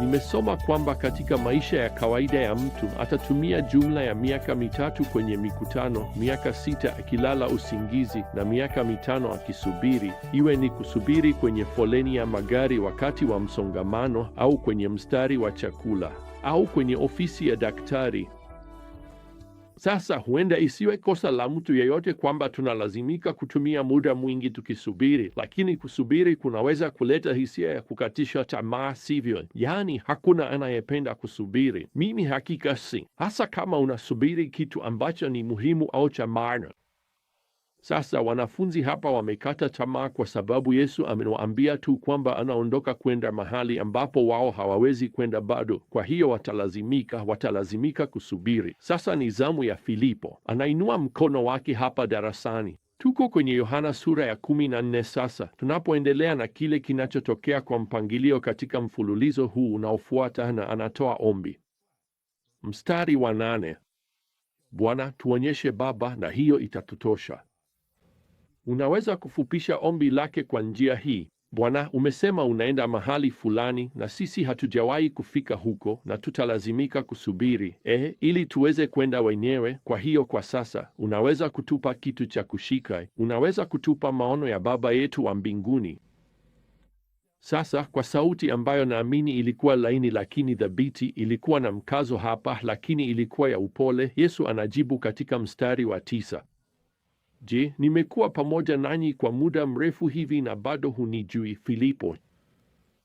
Nimesoma kwamba katika maisha ya kawaida ya mtu atatumia jumla ya miaka mitatu kwenye mikutano, miaka sita akilala usingizi na miaka mitano akisubiri, iwe ni kusubiri kwenye foleni ya magari wakati wa msongamano, au kwenye mstari wa chakula, au kwenye ofisi ya daktari. Sasa huenda isiwe kosa la mtu yeyote kwamba tunalazimika kutumia muda mwingi tukisubiri, lakini kusubiri kunaweza kuleta hisia ya kukatisha tamaa, sivyo? Yaani, hakuna anayependa kusubiri. Mimi hakika si, hasa kama unasubiri kitu ambacho ni muhimu au cha maana. Sasa wanafunzi hapa wamekata tamaa kwa sababu Yesu amewaambia tu kwamba anaondoka kwenda mahali ambapo wao hawawezi kwenda bado. Kwa hiyo watalazimika watalazimika kusubiri. Sasa ni zamu ya Filipo. Anainua mkono wake hapa darasani. Tuko kwenye Yohana sura ya kumi na nne sasa, tunapoendelea na kile kinachotokea kwa mpangilio katika mfululizo huu unaofuata, na anatoa ombi. Mstari wa nane: Bwana, tuonyeshe Baba na hiyo itatutosha. Unaweza kufupisha ombi lake kwa njia hii: Bwana, umesema unaenda mahali fulani na sisi hatujawahi kufika huko, na tutalazimika kusubiri eh, ili tuweze kwenda wenyewe. Kwa hiyo kwa sasa unaweza kutupa kitu cha kushika, unaweza kutupa maono ya Baba yetu wa mbinguni. Sasa kwa sauti ambayo naamini ilikuwa laini lakini thabiti, ilikuwa na mkazo hapa, lakini ilikuwa ya upole, Yesu anajibu katika mstari wa tisa. Je, nimekuwa pamoja nanyi kwa muda mrefu hivi na bado hunijui, Filipo?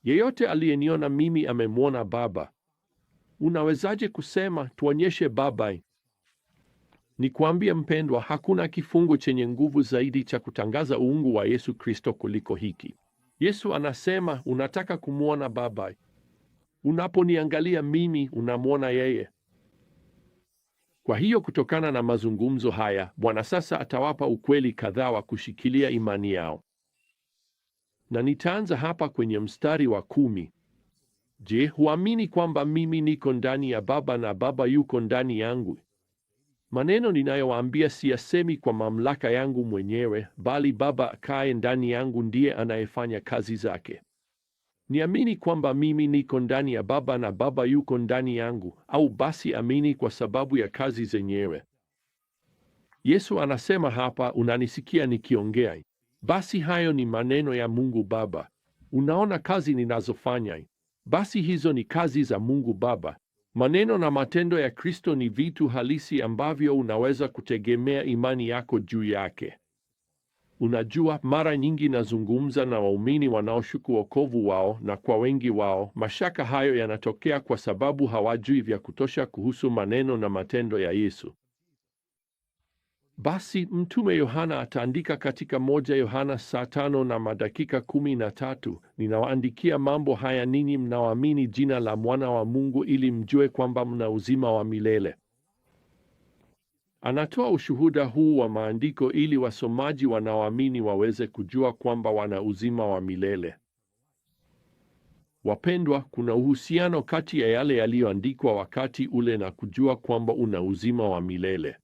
Yeyote aliyeniona mimi amemwona Baba. Unawezaje kusema tuonyeshe Baba? Nikwambie mpendwa, hakuna kifungu chenye nguvu zaidi cha kutangaza uungu wa Yesu Kristo kuliko hiki. Yesu anasema, unataka kumwona Baba? Unaponiangalia mimi unamwona yeye. Kwa hiyo kutokana na mazungumzo haya, Bwana sasa atawapa ukweli kadhaa wa kushikilia imani yao, na nitaanza hapa kwenye mstari wa kumi. Je, huamini kwamba mimi niko ndani ya Baba na Baba yuko ndani yangu? Maneno ninayowaambia siyasemi kwa mamlaka yangu mwenyewe, bali Baba akaye ndani yangu ndiye anayefanya kazi zake. Niamini kwamba mimi niko ndani ya Baba na Baba yuko ndani yangu, au basi amini kwa sababu ya kazi zenyewe. Yesu anasema hapa, unanisikia nikiongea, basi hayo ni maneno ya Mungu Baba. Unaona kazi ninazofanya, basi hizo ni kazi za Mungu Baba. Maneno na matendo ya Kristo ni vitu halisi ambavyo unaweza kutegemea imani yako juu yake. Unajua, mara nyingi nazungumza na waumini wanaoshuku wokovu wao, na kwa wengi wao mashaka hayo yanatokea kwa sababu hawajui vya kutosha kuhusu maneno na matendo ya Yesu. Basi Mtume Yohana ataandika katika moja Yohana saa tano na madakika kumi na tatu, ninawaandikia mambo haya ninyi mnaoamini jina la mwana wa Mungu, ili mjue kwamba mna uzima wa milele. Anatoa ushuhuda huu wa maandiko ili wasomaji wanaoamini waweze kujua kwamba wana uzima wa milele. Wapendwa, kuna uhusiano kati ya yale yaliyoandikwa wakati ule na kujua kwamba una uzima wa milele.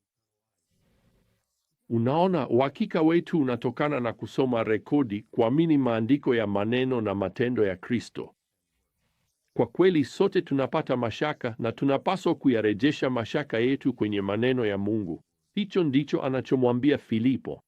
Unaona, uhakika wetu unatokana na kusoma rekodi, kuamini maandiko ya maneno na matendo ya Kristo. Kwa kweli sote tunapata mashaka na tunapaswa kuyarejesha mashaka yetu kwenye maneno ya Mungu. Hicho ndicho anachomwambia Filipo.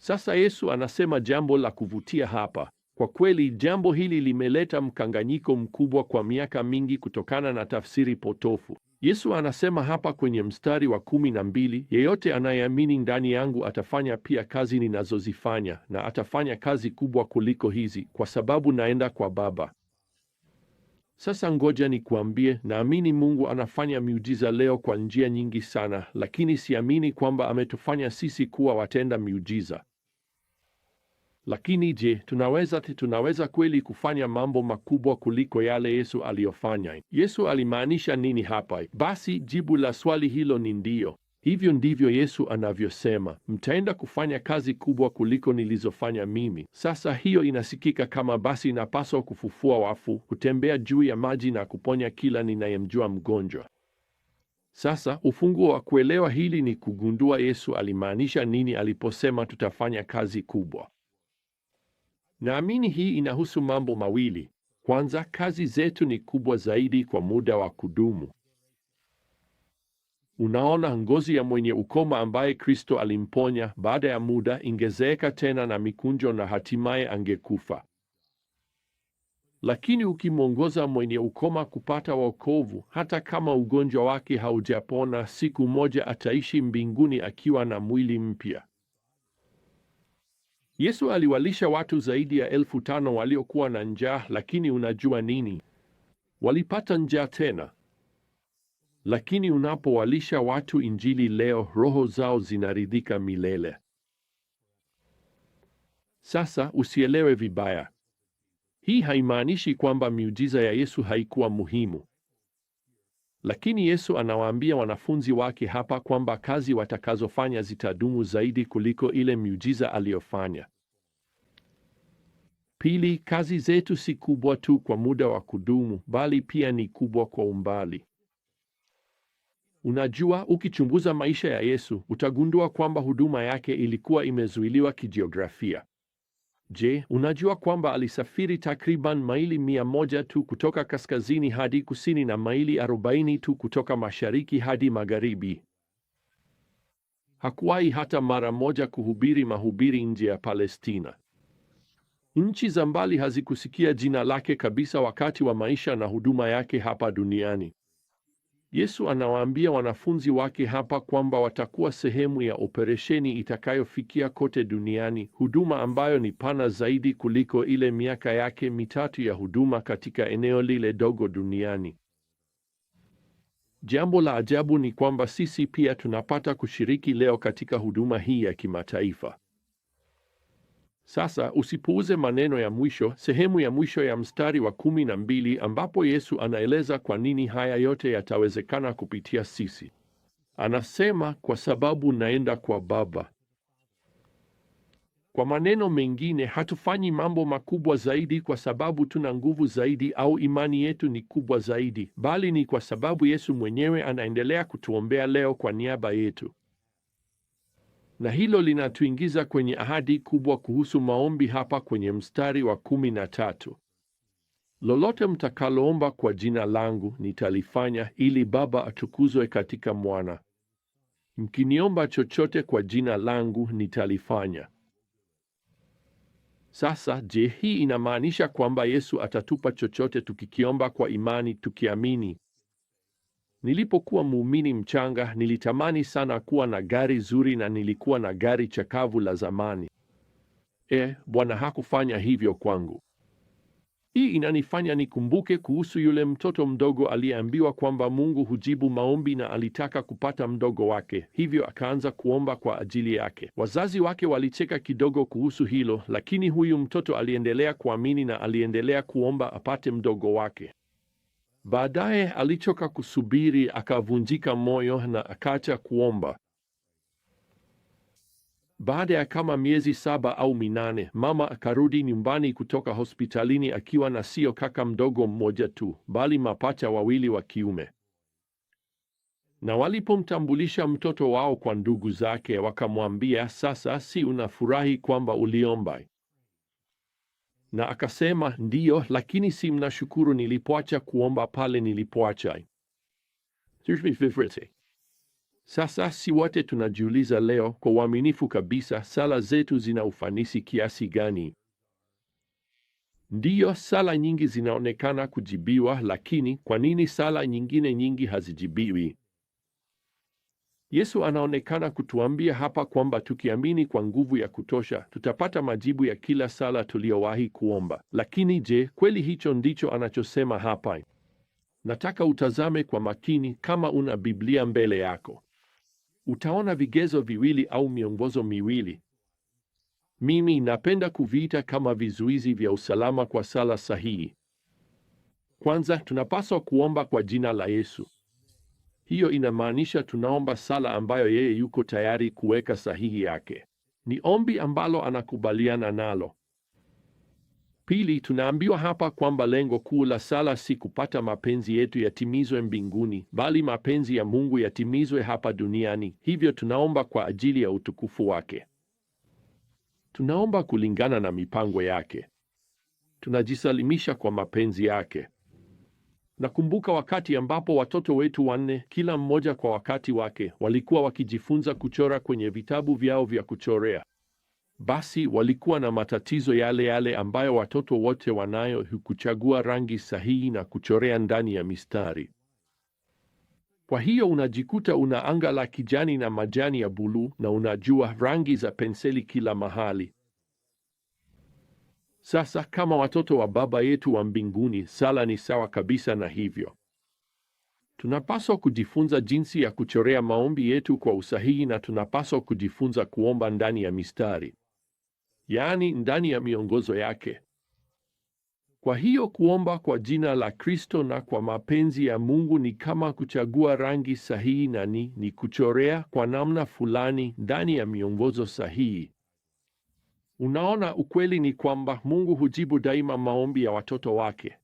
Sasa Yesu anasema jambo la kuvutia hapa. Kwa kweli jambo hili limeleta mkanganyiko mkubwa kwa miaka mingi kutokana na tafsiri potofu. Yesu anasema hapa kwenye mstari wa kumi na mbili, yeyote anayeamini ndani yangu atafanya pia kazi ninazozifanya na atafanya kazi kubwa kuliko hizi, kwa sababu naenda kwa Baba. Sasa ngoja nikuambie, naamini Mungu anafanya miujiza leo kwa njia nyingi sana, lakini siamini kwamba ametufanya sisi kuwa watenda miujiza. Lakini je, tunaweza tunaweza kweli kufanya mambo makubwa kuliko yale Yesu aliyofanya? Yesu alimaanisha nini hapa? Basi jibu la swali hilo ni ndiyo. Hivyo ndivyo Yesu anavyosema, mtaenda kufanya kazi kubwa kuliko nilizofanya mimi. Sasa hiyo inasikika kama basi inapaswa kufufua wafu, kutembea juu ya maji na kuponya kila ninayemjua mgonjwa. Sasa ufunguo wa kuelewa hili ni kugundua Yesu alimaanisha nini aliposema tutafanya kazi kubwa. Naamini hii inahusu mambo mawili. Kwanza, kazi zetu ni kubwa zaidi kwa muda wa kudumu. Unaona, ngozi ya mwenye ukoma ambaye Kristo alimponya baada ya muda ingezeeka tena na mikunjo na hatimaye angekufa. Lakini ukimwongoza mwenye ukoma kupata wokovu, hata kama ugonjwa wake haujapona, siku moja ataishi mbinguni akiwa na mwili mpya. Yesu aliwalisha watu zaidi ya elfu tano waliokuwa na njaa, lakini unajua nini? Walipata njaa tena. Lakini unapowalisha watu injili leo, roho zao zinaridhika milele. Sasa usielewe vibaya, hii haimaanishi kwamba miujiza ya Yesu haikuwa muhimu. Lakini Yesu anawaambia wanafunzi wake hapa kwamba kazi watakazofanya zitadumu zaidi kuliko ile miujiza aliyofanya. Pili, kazi zetu si kubwa tu kwa muda wa kudumu, bali pia ni kubwa kwa umbali. Unajua, ukichunguza maisha ya Yesu utagundua kwamba huduma yake ilikuwa imezuiliwa kijiografia. Je, unajua kwamba alisafiri takriban maili mia moja tu kutoka kaskazini hadi kusini na maili arobaini tu kutoka mashariki hadi magharibi? Hakuwahi hata mara moja kuhubiri mahubiri nje ya Palestina. Nchi za mbali hazikusikia jina lake kabisa wakati wa maisha na huduma yake hapa duniani. Yesu anawaambia wanafunzi wake hapa kwamba watakuwa sehemu ya operesheni itakayofikia kote duniani, huduma ambayo ni pana zaidi kuliko ile miaka yake mitatu ya huduma katika eneo lile dogo duniani. Jambo la ajabu ni kwamba sisi pia tunapata kushiriki leo katika huduma hii ya kimataifa. Sasa usipuuze maneno ya mwisho, sehemu ya mwisho ya mstari wa kumi na mbili ambapo Yesu anaeleza kwa nini haya yote yatawezekana kupitia sisi. Anasema, kwa sababu naenda kwa Baba. Kwa maneno mengine, hatufanyi mambo makubwa zaidi kwa sababu tuna nguvu zaidi au imani yetu ni kubwa zaidi, bali ni kwa sababu Yesu mwenyewe anaendelea kutuombea leo kwa niaba yetu na hilo linatuingiza kwenye ahadi kubwa kuhusu maombi hapa kwenye mstari wa kumi na tatu lolote mtakaloomba kwa jina langu nitalifanya, ili Baba atukuzwe katika Mwana. Mkiniomba chochote kwa jina langu nitalifanya. Sasa je, hii inamaanisha kwamba Yesu atatupa chochote tukikiomba kwa imani, tukiamini? Nilipokuwa muumini mchanga, nilitamani sana kuwa na gari zuri na nilikuwa na gari chakavu la zamani. E, Bwana hakufanya hivyo kwangu. Hii inanifanya nikumbuke kuhusu yule mtoto mdogo aliyeambiwa kwamba Mungu hujibu maombi na alitaka kupata mdogo wake, hivyo akaanza kuomba kwa ajili yake. Wazazi wake walicheka kidogo kuhusu hilo, lakini huyu mtoto aliendelea kuamini na aliendelea kuomba apate mdogo wake. Baadaye alichoka kusubiri, akavunjika moyo na akaacha kuomba. Baada ya kama miezi saba au minane, mama akarudi nyumbani kutoka hospitalini akiwa na sio kaka mdogo mmoja tu, bali mapacha wawili wa kiume. Na walipomtambulisha mtoto wao kwa ndugu zake, wakamwambia, sasa si unafurahi kwamba uliomba? na akasema, ndiyo, lakini si mnashukuru nilipoacha kuomba pale nilipoacha. Sasa si wote tunajiuliza leo kwa uaminifu kabisa, sala zetu zina ufanisi kiasi gani? Ndiyo, sala nyingi zinaonekana kujibiwa, lakini kwa nini sala nyingine nyingi hazijibiwi? Yesu anaonekana kutuambia hapa kwamba tukiamini kwa nguvu ya kutosha tutapata majibu ya kila sala tuliyowahi kuomba. Lakini je, kweli hicho ndicho anachosema hapa? Nataka utazame kwa makini. Kama una Biblia mbele yako, utaona vigezo viwili au miongozo miwili. Mimi napenda kuviita kama vizuizi vya usalama kwa sala sahihi. Kwanza, tunapaswa kuomba kwa jina la Yesu. Hiyo inamaanisha tunaomba sala ambayo yeye yuko tayari kuweka sahihi yake. Ni ombi ambalo anakubaliana nalo. Pili, tunaambiwa hapa kwamba lengo kuu la sala si kupata mapenzi yetu yatimizwe mbinguni, bali mapenzi ya Mungu yatimizwe hapa duniani. Hivyo tunaomba kwa ajili ya utukufu wake. Tunaomba kulingana na mipango yake. Tunajisalimisha kwa mapenzi yake. Nakumbuka wakati ambapo watoto wetu wanne, kila mmoja kwa wakati wake, walikuwa wakijifunza kuchora kwenye vitabu vyao vya kuchorea. Basi walikuwa na matatizo yale yale ambayo watoto wote wanayo, hukuchagua rangi sahihi na kuchorea ndani ya mistari. Kwa hiyo unajikuta una anga la kijani na majani ya buluu, na unajua rangi za penseli kila mahali. Sasa kama watoto wa Baba yetu wa mbinguni, sala ni sawa kabisa na hivyo. Tunapaswa kujifunza jinsi ya kuchorea maombi yetu kwa usahihi na tunapaswa kujifunza kuomba ndani ya mistari, yaani ndani ya miongozo yake. Kwa hiyo kuomba kwa jina la Kristo na kwa mapenzi ya Mungu ni kama kuchagua rangi sahihi na ni, ni kuchorea kwa namna fulani ndani ya miongozo sahihi. Unaona, ukweli ni kwamba Mungu hujibu daima maombi ya watoto wake.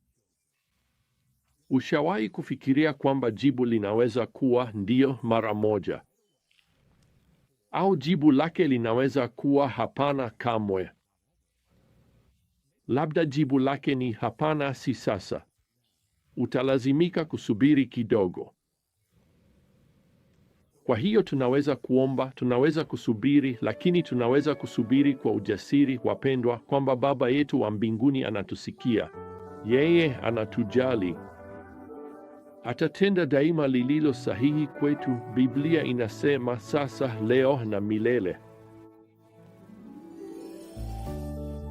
Ushawahi kufikiria kwamba jibu linaweza kuwa ndiyo mara moja au jibu lake linaweza kuwa hapana kamwe? Labda jibu lake ni hapana, si sasa, utalazimika kusubiri kidogo. Kwa hiyo tunaweza kuomba, tunaweza kusubiri, lakini tunaweza kusubiri kwa ujasiri, wapendwa, kwamba Baba yetu wa mbinguni anatusikia. Yeye anatujali. Atatenda daima lililo sahihi kwetu. Biblia inasema sasa, leo na milele.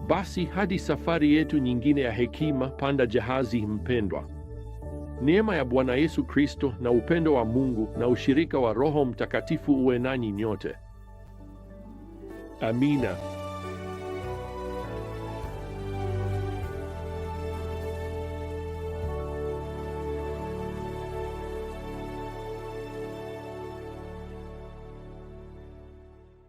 Basi hadi safari yetu nyingine ya hekima, panda jahazi mpendwa. Neema ya Bwana Yesu Kristo na upendo wa Mungu na ushirika wa Roho Mtakatifu uwe nanyi nyote. Amina.